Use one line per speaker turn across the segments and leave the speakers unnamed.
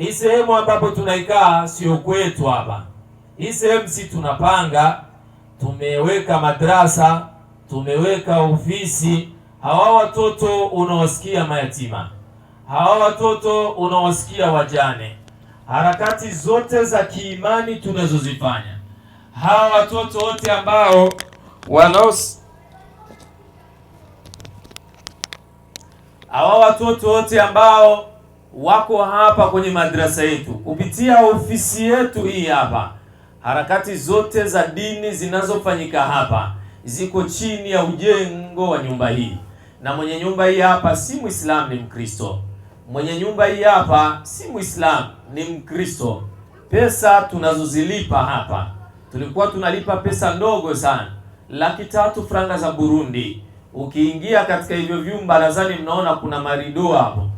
Hii sehemu ambapo tunaikaa sio kwetu hapa. Hii sehemu si tunapanga, tumeweka madrasa, tumeweka ofisi. Hawa watoto unawasikia mayatima, hawa watoto unawasikia wajane. Harakati zote za kiimani tunazozifanya, hawa watoto wote ambao wanaos hawa watoto wote ambao wako hapa kwenye madrasa yetu kupitia ofisi yetu hii hapa. Harakati zote za dini zinazofanyika hapa ziko chini ya ujengo wa nyumba hii, na mwenye nyumba hii hapa si Muislamu, ni Mkristo. Mwenye nyumba hii hapa si Muislamu, ni Mkristo. Pesa tunazozilipa hapa, tulikuwa tunalipa pesa ndogo sana, laki tatu franga za Burundi. Ukiingia katika hivyo vyumba, nadhani mnaona kuna maridoa hapo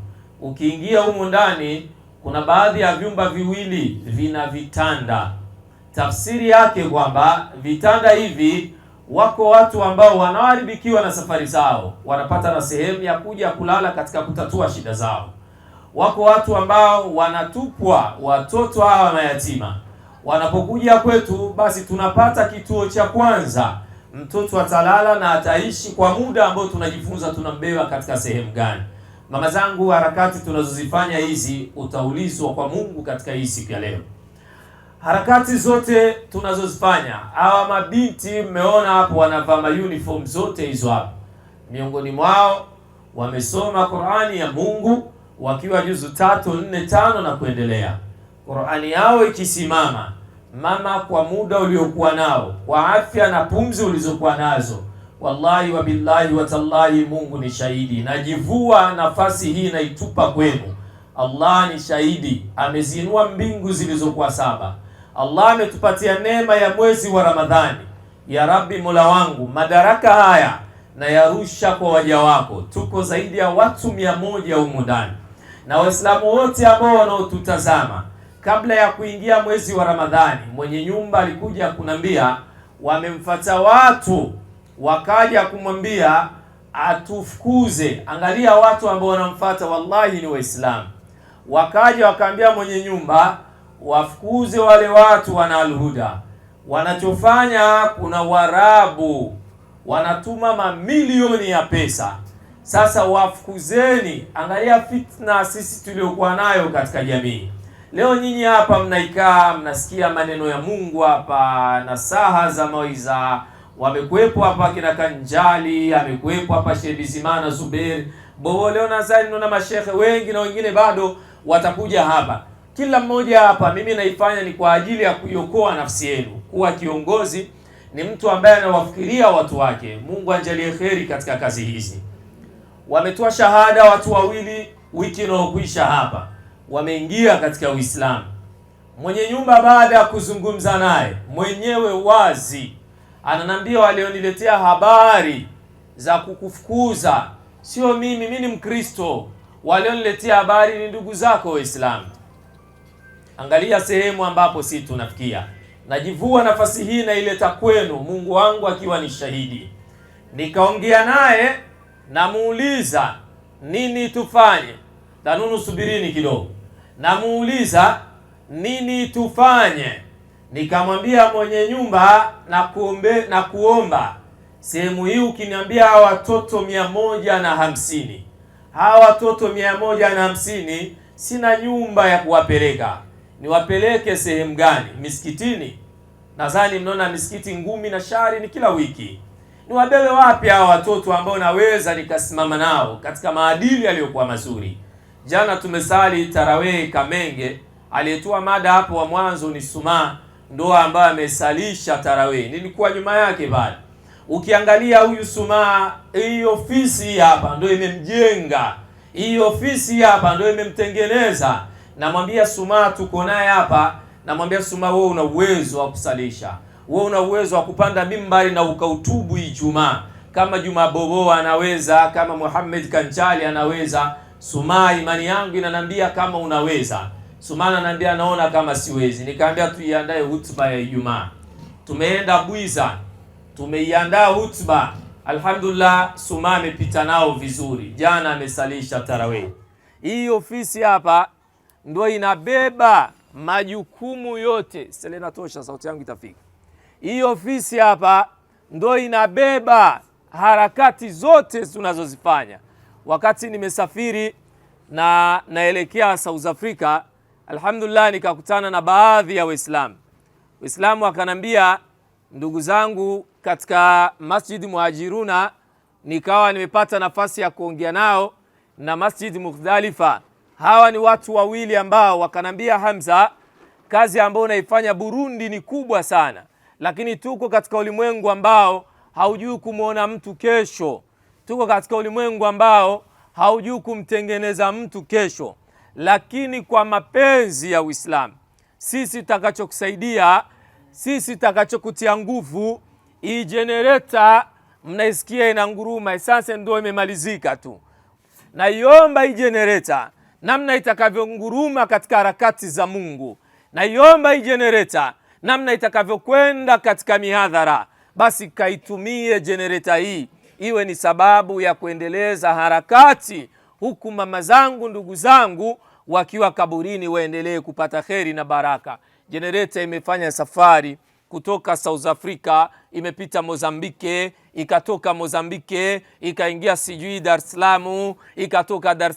Ukiingia humu ndani kuna baadhi ya vyumba viwili vina vitanda. Tafsiri yake kwamba vitanda hivi, wako watu ambao wanaoharibikiwa na safari zao wanapata na sehemu ya kuja kulala katika kutatua shida zao. Wako watu ambao wanatupwa, watoto hawa mayatima wanapokuja kwetu, basi tunapata kituo cha kwanza. Mtoto atalala na ataishi kwa muda ambao tunajifunza tunambeba katika sehemu gani mama zangu, harakati tunazozifanya hizi utaulizwa kwa Mungu katika hii siku ya leo. Harakati zote tunazozifanya, hawa mabinti mmeona hapo wanavaa uniform zote hizo hapo, miongoni mwao wamesoma Qur'ani ya Mungu wakiwa juzu tatu nne tano na kuendelea. Qur'ani yao ikisimama, mama, kwa muda uliokuwa nao, kwa afya na pumzi ulizokuwa nazo Wallahi wabillahi watallahi, Mungu ni shahidi. Najivua nafasi hii naitupa kwenu. Allah ni shahidi, ameziinua mbingu zilizokuwa saba. Allah ametupatia neema ya mwezi wa Ramadhani. Ya Rabbi Mola wangu, madaraka haya na yarusha kwa waja wako. Tuko zaidi ya watu mia moja humu ndani, na Waislamu wote ambao wanaotutazama kabla ya kuingia mwezi wa Ramadhani, mwenye nyumba alikuja kunambia wamemfata watu wakaja kumwambia atufukuze. Angalia watu ambao wanamfuata wallahi ni Waislamu. Wakaja wakaambia mwenye nyumba wafukuze wale watu wana Alhuda. Wanachofanya, kuna Warabu wanatuma mamilioni ya pesa. Sasa wafukuzeni. Angalia fitna sisi tuliokuwa nayo katika jamii leo. Nyinyi hapa mnaikaa mnasikia maneno ya Mungu hapa, nasaha za mawiza wamekuwepo hapa kina Kanjali, amekuwepo hapa Sheikh Bizimana Zuberi Bobo, leo nadhani na mashehe wengi na wengine bado watakuja hapa. Kila mmoja hapa, mimi naifanya ni kwa ajili ya kuiokoa nafsi yenu. Kuwa kiongozi ni mtu ambaye anawafikiria watu wake. Mungu anjalie kheri katika kazi hizi. Wametoa shahada watu wawili wiki inayokuisha hapa, wameingia katika Uislamu. Mwenye nyumba baada ya kuzungumza naye mwenyewe wazi ananiambia walioniletea habari za kukufukuza sio mimi, mimi ni Mkristo. Walioniletea habari ni ndugu zako Waislamu. Angalia sehemu ambapo si tunafikia. Najivua nafasi hii naileta kwenu, Mungu wangu akiwa ni shahidi. Nikaongea naye namuuliza nini tufanye. Danunu, subirini kidogo. Namuuliza nini tufanye Nikamwambia mwenye nyumba na kuombe, na kuomba sehemu hii ukiniambia hawa watoto mia moja na hamsini hawa watoto mia moja na hamsini sina nyumba ya kuwapeleka, niwapeleke sehemu gani? Misikitini? Nadhani mnaona misikiti ngumi na shari ni kila wiki. Niwabebe wapi hawa watoto ambao naweza nikasimama nao katika maadili yaliyokuwa mazuri? Jana tumesali tarawehi Kamenge, aliyetoa mada hapo wa mwanzo ni Sumaa ndoa ambayo amesalisha tarawih, nilikuwa nyuma yake pale. Ukiangalia huyu Sumaa, hii ofisi hapa ndio imemjenga, hii ofisi hapa ndio imemtengeneza. Namwambia Sumaa, tuko naye hapa, namwambia Sumaa, wewe una uwezo wa kusalisha, wewe una uwezo wa kupanda mimbari na ukautubu Ijumaa kama Juma Bobo anaweza, kama Muhammad Kanchali anaweza. Sumaa, imani yangu inanambia kama unaweza Sumana ananiambia naona kama siwezi. nikaambia tuiandae hutuba ya Ijumaa. Tumeenda Bwiza, tumeiandaa hutuba. Alhamdulillah, Suma amepita nao vizuri. Jana amesalisha tarawih. Hii ofisi hapa ndio inabeba majukumu yote. Selena, tosha, sauti yangu itafika. Hii ofisi hapa ndio inabeba harakati zote tunazozifanya. Wakati nimesafiri na naelekea South Africa alhamdulillah, nikakutana na baadhi ya Waislamu. Waislamu wakanambia, ndugu zangu katika Masjid Muhajiruna, nikawa nimepata nafasi ya kuongea nao na Masjid Mukhdalifa. Hawa ni watu wawili ambao wakanambia, Hamza, kazi ambayo unaifanya Burundi ni kubwa sana, lakini tuko katika ulimwengu ambao haujui kumwona mtu kesho. Tuko katika ulimwengu ambao haujui kumtengeneza mtu kesho lakini kwa mapenzi ya Uislamu. Sisi takachokusaidia, sisi takachokutia nguvu, hii jenereta mnaisikia ina nguruma, sasa ndio imemalizika tu. Naiomba hii jenereta namna itakavyonguruma katika harakati za Mungu, naiomba hii jenereta namna itakavyokwenda katika mihadhara, basi kaitumie jenereta hii iwe ni sababu ya kuendeleza harakati huku mama zangu, ndugu zangu wakiwa kaburini, waendelee kupata kheri na baraka. Jenereta imefanya safari kutoka South Africa imepita Mozambike, ikatoka Mozambike ikaingia sijui Dar ikatoka Dar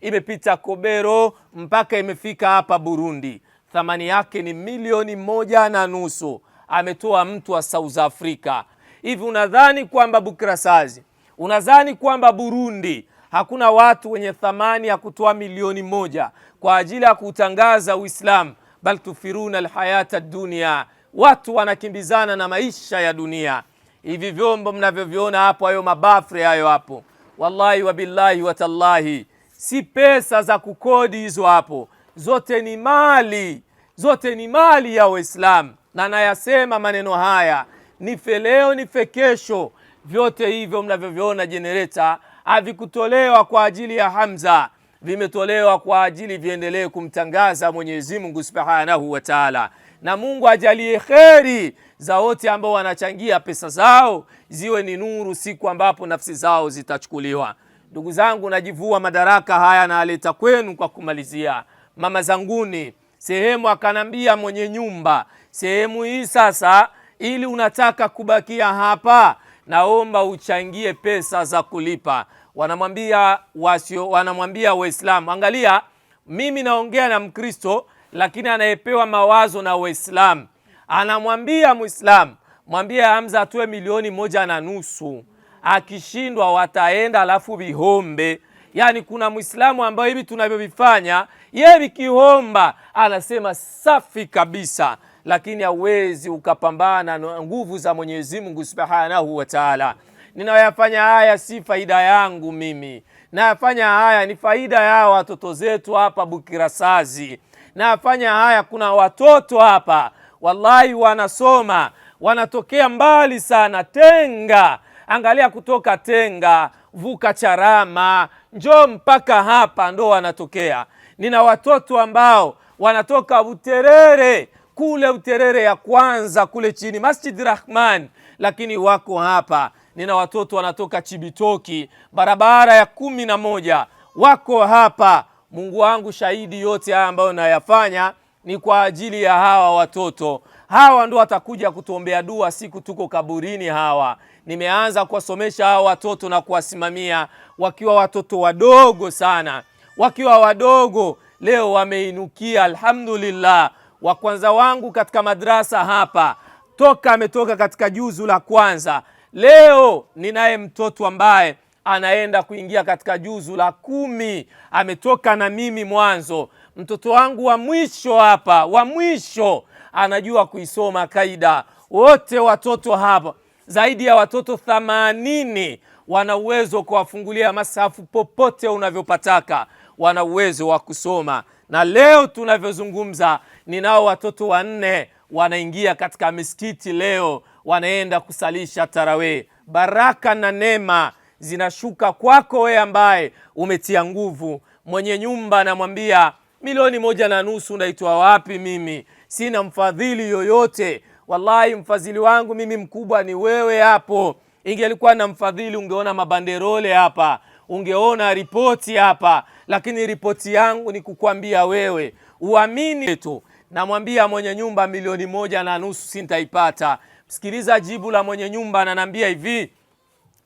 imepita Kobero mpaka imefika hapa Burundi. Thamani yake ni milioni moja na nusu, ametoa mtu wa South Africa. Hivi unadhani kwamba bukrasazi unadhani kwamba Burundi hakuna watu wenye thamani ya kutoa milioni moja kwa ajili ya kuutangaza Uislamu, bal tufiruna alhayata dunia, watu wanakimbizana na maisha ya dunia. Hivi vyombo mnavyoviona hapo, hayo mabafre hayo hapo, wallahi wabillahi watallahi, si pesa za kukodi hizo hapo, zote ni mali, zote ni mali ya Uislamu. Na nayasema maneno haya, ni feleo ni fekesho, vyote hivyo mnavyoviona jenereta havikutolewa kwa ajili ya Hamza, vimetolewa kwa ajili viendelee kumtangaza Mwenyezi Mungu Subhanahu wa Ta'ala. Na Mungu ajalie kheri za wote ambao wanachangia pesa zao, ziwe ni nuru siku ambapo nafsi zao zitachukuliwa. Ndugu zangu, najivua madaraka haya naaleta kwenu kwa kumalizia. Mama zanguni, sehemu akanambia mwenye nyumba, sehemu hii sasa, ili unataka kubakia hapa, naomba uchangie pesa za kulipa wanamwambia wasio, wanamwambia Waislamu, angalia, mimi naongea na Mkristo, lakini anayepewa mawazo na Waislamu anamwambia Mwislamu, mwambie Hamza atoe milioni moja na nusu, akishindwa wataenda alafu vihombe. Yaani kuna mwislamu ambayo hivi tunavyovifanya yeye vikihomba anasema safi kabisa, lakini hauwezi ukapambana na nguvu za Mwenyezi Mungu Subhanahu wa Ta'ala ninayafanya haya si faida yangu mimi, nayafanya haya ni faida ya watoto zetu hapa Bukirasazi, nayafanya haya, kuna watoto hapa wallahi wanasoma wanatokea mbali sana, Tenga, angalia kutoka Tenga, vuka Charama, njoo mpaka hapa ndo wanatokea. Nina watoto ambao wanatoka Uterere kule Uterere ya kwanza kule chini Masjid Rahman, lakini wako hapa nina watoto wanatoka Chibitoki barabara ya kumi na moja wako hapa. Mungu wangu shahidi, yote haya ambayo nayafanya ni kwa ajili ya hawa watoto. Hawa ndo watakuja kutuombea dua siku tuko kaburini. Hawa nimeanza kuwasomesha hawa watoto na kuwasimamia wakiwa watoto wadogo sana, wakiwa wadogo. Leo wameinukia, alhamdulillah. Wa kwanza wangu katika madrasa hapa toka ametoka katika juzu la kwanza Leo ninaye mtoto ambaye anaenda kuingia katika juzu la kumi, ametoka na mimi mwanzo. Mtoto wangu wa mwisho hapa, wa mwisho anajua kuisoma kaida. Wote watoto hapa zaidi ya watoto thamanini wana uwezo wa kuwafungulia masafu popote unavyopataka, wana uwezo wa kusoma. Na leo tunavyozungumza, ninao watoto wanne wanaingia katika misikiti leo wanaenda kusalisha tarawee. Baraka na neema zinashuka kwako wewe ambaye umetia nguvu. Mwenye nyumba anamwambia milioni moja na nusu naitoa wapi? Mimi sina mfadhili yoyote. Wallahi, mfadhili wangu mimi mkubwa ni wewe. Hapo ingelikuwa na mfadhili, ungeona mabanderole hapa, ungeona ripoti hapa, lakini ripoti yangu ni kukwambia wewe uamini tu. Namwambia mwenye nyumba milioni moja na nusu sintaipata. Sikiliza jibu la mwenye nyumba, ananiambia hivi,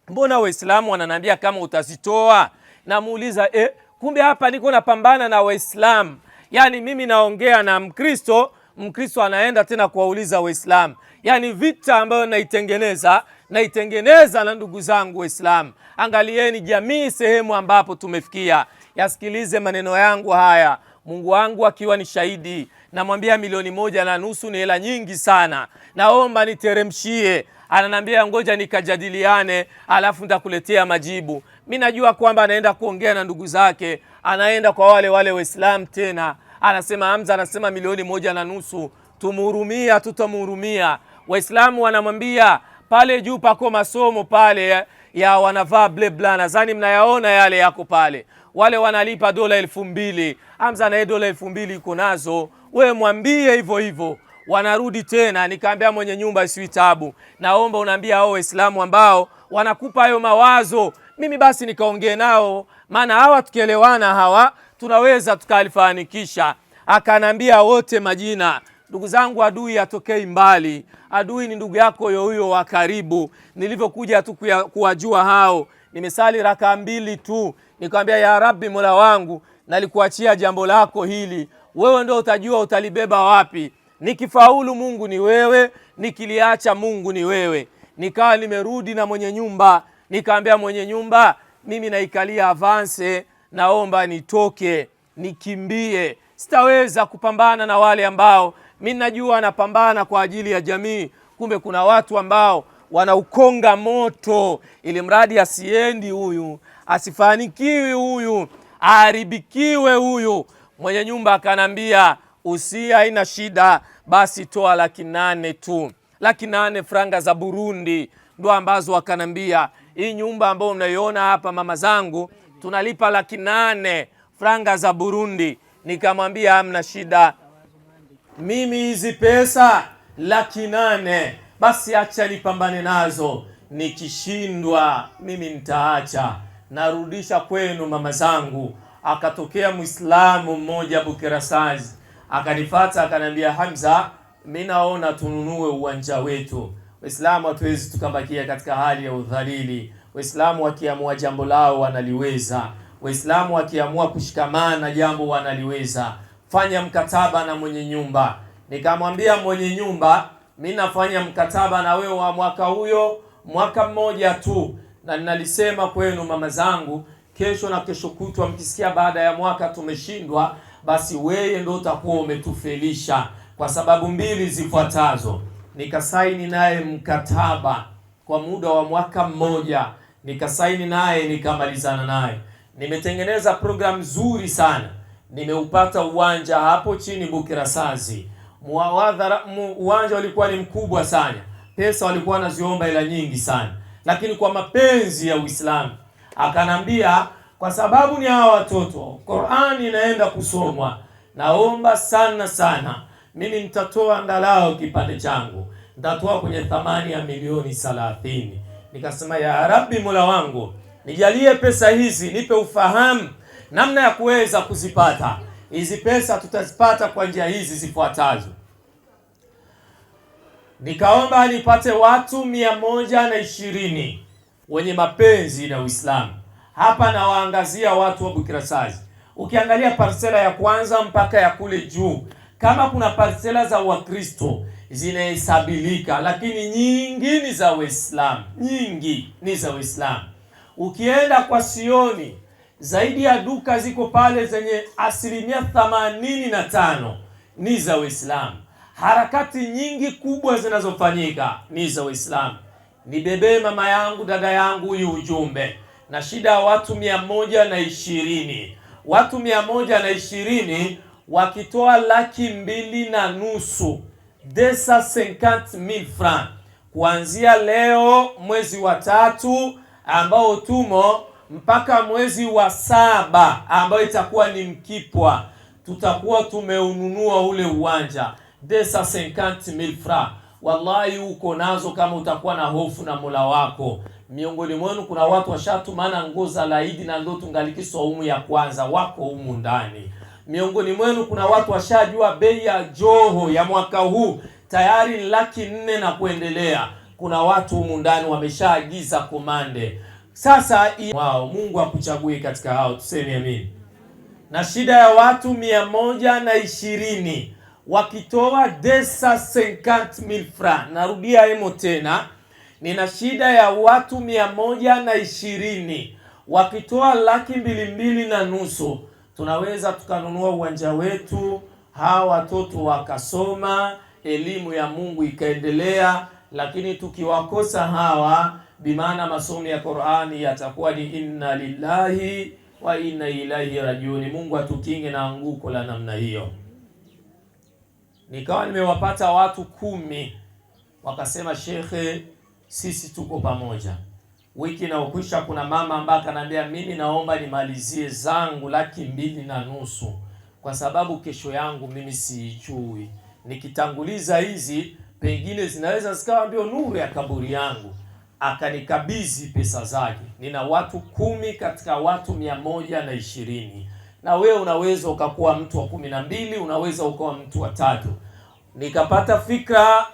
mbona Waislamu wananiambia kama utazitoa? Namuuliza e, kumbe hapa niko napambana na Waislamu, yaani mimi naongea na Mkristo, Mkristo anaenda tena kuwauliza Waislamu, yaani vita ambayo naitengeneza naitengeneza na ndugu zangu Waislamu. Angalieni jamii, sehemu ambapo tumefikia. Yasikilize maneno yangu haya, Mungu wangu akiwa ni shahidi namwambia milioni moja na nusu ni hela nyingi sana, naomba niteremshie. Ananiambia ngoja nikajadiliane, alafu nitakuletea majibu. Mi najua kwamba anaenda kuongea na ndugu zake, anaenda kwa wale wale Waislam tena. Anasema Hamza anasema milioni moja na nusu tumhurumia, tutamhurumia. Waislamu wanamwambia pale juu pako masomo pale ya wanavaa blebla, nadhani mnayaona yale yako pale wale wanalipa dola elfu mbili. Hamza naye dola elfu mbili iko nazo, we mwambie hivyo hivyo. Wanarudi tena, nikaambia mwenye nyumba si tabu, naomba unaambia hao Waislamu ambao wanakupa hayo mawazo, mimi basi nikaongee nao, maana hawa tukielewana, hawa tunaweza tukalifanikisha. Akanambia wote majina. Ndugu zangu, adui atokei mbali, adui ni ndugu yako huyo wa karibu. Nilivyokuja tu kuwajua hao, nimesali raka mbili tu nikamwambia, ya Rabbi, mola wangu, nalikuachia jambo lako hili, wewe ndio utajua utalibeba wapi. Nikifaulu Mungu ni wewe, nikiliacha Mungu ni wewe. Nikawa nimerudi na mwenye nyumba, nikaambia mwenye nyumba, mimi naikalia avance, naomba nitoke nikimbie, sitaweza kupambana na wale ambao mi najua anapambana kwa ajili ya jamii. Kumbe kuna watu ambao wanaukonga moto, ili mradi asiendi huyu, asifanikiwi huyu, aharibikiwe huyu. Mwenye nyumba akanambia usia, haina shida, basi toa laki nane tu, laki nane franga za Burundi ndo ambazo wakanambia, hii nyumba ambayo mnaiona hapa, mama zangu, tunalipa laki nane franga za Burundi. Nikamwambia hamna shida, mimi hizi pesa laki nane basi acha nipambane nazo, nikishindwa mimi nitaacha, narudisha kwenu mama zangu. Akatokea Muislamu mmoja Bukirasazi akanifata akaniambia, Hamza, mi naona tununue uwanja wetu. Waislamu hatuwezi tukabakia katika hali ya udhalili. Waislamu wakiamua jambo lao wanaliweza. Waislamu wakiamua kushikamana jambo wanaliweza. Fanya mkataba na mwenye nyumba. Nikamwambia mwenye nyumba mi nafanya mkataba na wewe wa mwaka huyo, mwaka mmoja tu, na ninalisema kwenu mama zangu, kesho na kesho kutwa, mkisikia baada ya mwaka tumeshindwa, basi wewe ndio utakuwa umetufelisha kwa sababu mbili zifuatazo. Nikasaini naye mkataba kwa muda wa mwaka mmoja, nikasaini naye nikamalizana naye. Nimetengeneza programu nzuri sana, nimeupata uwanja hapo chini Bukirasazi mwadhara uwanja walikuwa ni mkubwa sana, pesa walikuwa wanaziomba hela nyingi sana, lakini kwa mapenzi ya Uislamu akanambia, kwa sababu ni hawa watoto Qur'ani inaenda kusomwa, naomba sana sana mimi nitatoa angalau kipande changu, nitatoa kwenye thamani ya milioni thalathini. Nikasema, ya Rabbi, Mola wangu nijalie pesa hizi, nipe ufahamu namna ya kuweza kuzipata Hizi pesa tutazipata kwa njia hizi zifuatazo. Nikaomba nipate watu mia moja na ishirini wenye mapenzi na Uislamu. Hapa nawaangazia watu wa Bukirasazi. Ukiangalia parsela ya kwanza mpaka ya kule juu, kama kuna parsela za Wakristo zinahesabilika, lakini nyingi ni za Uislamu, nyingi ni za Uislamu. Ukienda kwa Sioni zaidi ya duka ziko pale zenye asilimia themanini na tano ni za Uislamu. Harakati nyingi kubwa zinazofanyika ni za Uislamu. Nibebee mama yangu, dada yangu, huyu ujumbe na shida ya watu mia moja na ishirini watu mia moja na ishirini wakitoa laki mbili na nusu desa senkant mil fran kuanzia leo mwezi wa tatu ambao tumo mpaka mwezi wa saba ambayo itakuwa ni mkipwa, tutakuwa tumeununua ule uwanja desa 50000 francs. Wallahi uko nazo kama utakuwa na hofu na Mola wako. Miongoni mwenu kuna watu washatumana nguo za laidi na ndo tungaliki saumu ya kwanza, wako humu ndani. Miongoni mwenu kuna watu washajua bei ya joho ya mwaka huu tayari laki nne na kuendelea. Kuna watu humu ndani wameshaagiza komande. Sasa wao Mungu akuchague katika hao, tuseme amini. Na shida ya watu mia moja na ishirini wakitoa desa senkant mil Narudia hemo tena, nina shida ya watu mia moja na ishirini wakitoa laki mbili mbili na nusu tunaweza tukanunua uwanja wetu, hawa watoto wakasoma, elimu ya Mungu ikaendelea. Lakini tukiwakosa hawa bimaana masomo ya Qur'ani yatakuwa ni inna lillahi wa inna ilaihi rajiun. Mungu atukinge na anguko la namna hiyo. Nikawa nimewapata watu kumi, wakasema shekhe, sisi tuko pamoja. Wiki na ukwisha, kuna mama ambaye akaniambia mimi naomba nimalizie zangu laki mbili na nusu kwa sababu kesho yangu mimi siijui, nikitanguliza hizi pengine zinaweza zikawa ndio nuru ya kaburi yangu akanikabidhi pesa zake. Nina watu kumi katika watu mia moja na ishirini na wewe unaweza ukakuwa mtu wa kumi na mbili, unaweza ukawa mtu wa tatu. Nikapata fikra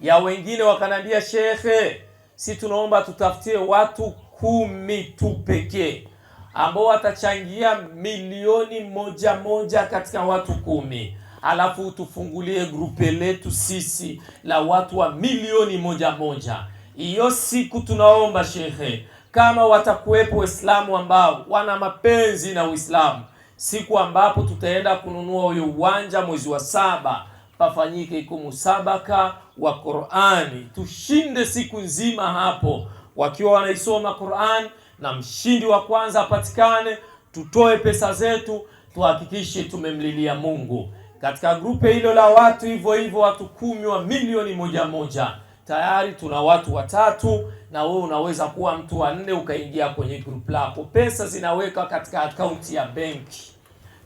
ya wengine, wakanambia shekhe, si tunaomba tutafutie watu kumi tu pekee ambao watachangia milioni moja moja katika watu kumi alafu tufungulie grupe letu sisi la watu wa milioni moja moja hiyo siku tunaomba shekhe, kama watakuwepo Waislamu ambao wana mapenzi na Uislamu, siku ambapo tutaenda kununua huyo uwanja mwezi wa saba, pafanyike iko musabaka wa Qur'ani, tushinde siku nzima hapo wakiwa wanaisoma Qur'an, na mshindi wa kwanza apatikane. Tutoe pesa zetu, tuhakikishe tumemlilia Mungu. Katika grupe hilo la watu hivyo hivyo, watu kumi wa milioni moja moja tayari tuna watu watatu, na wewe unaweza kuwa mtu wa nne ukaingia kwenye group lako. Pesa zinaweka katika akaunti ya benki,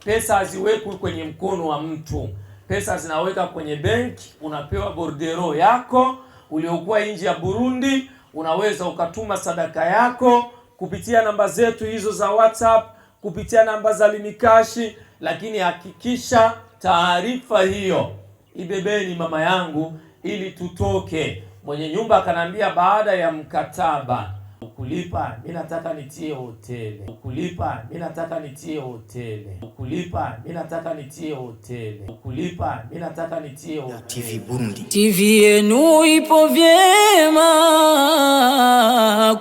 pesa haziwekwi kwenye mkono wa mtu. Pesa zinaweka kwenye benki, unapewa bordero yako uliokuwa nje ya Burundi. Unaweza ukatuma sadaka yako kupitia namba zetu hizo za WhatsApp, kupitia namba za Limikashi, lakini hakikisha taarifa hiyo ibebeni, mama yangu, ili tutoke mwenye nyumba akaniambia, baada ya mkataba ukulipa, mimi nataka nitie hoteli, ukulipa, mimi nataka nitie hoteli, ukulipa, mimi nataka nitie hoteli, ukulipa, mimi nataka nitie
TV Burundi, TV yenu ipo vyema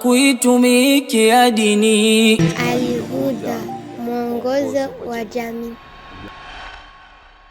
kuitumikia dini. Alhuda, mwongozo wa jamii.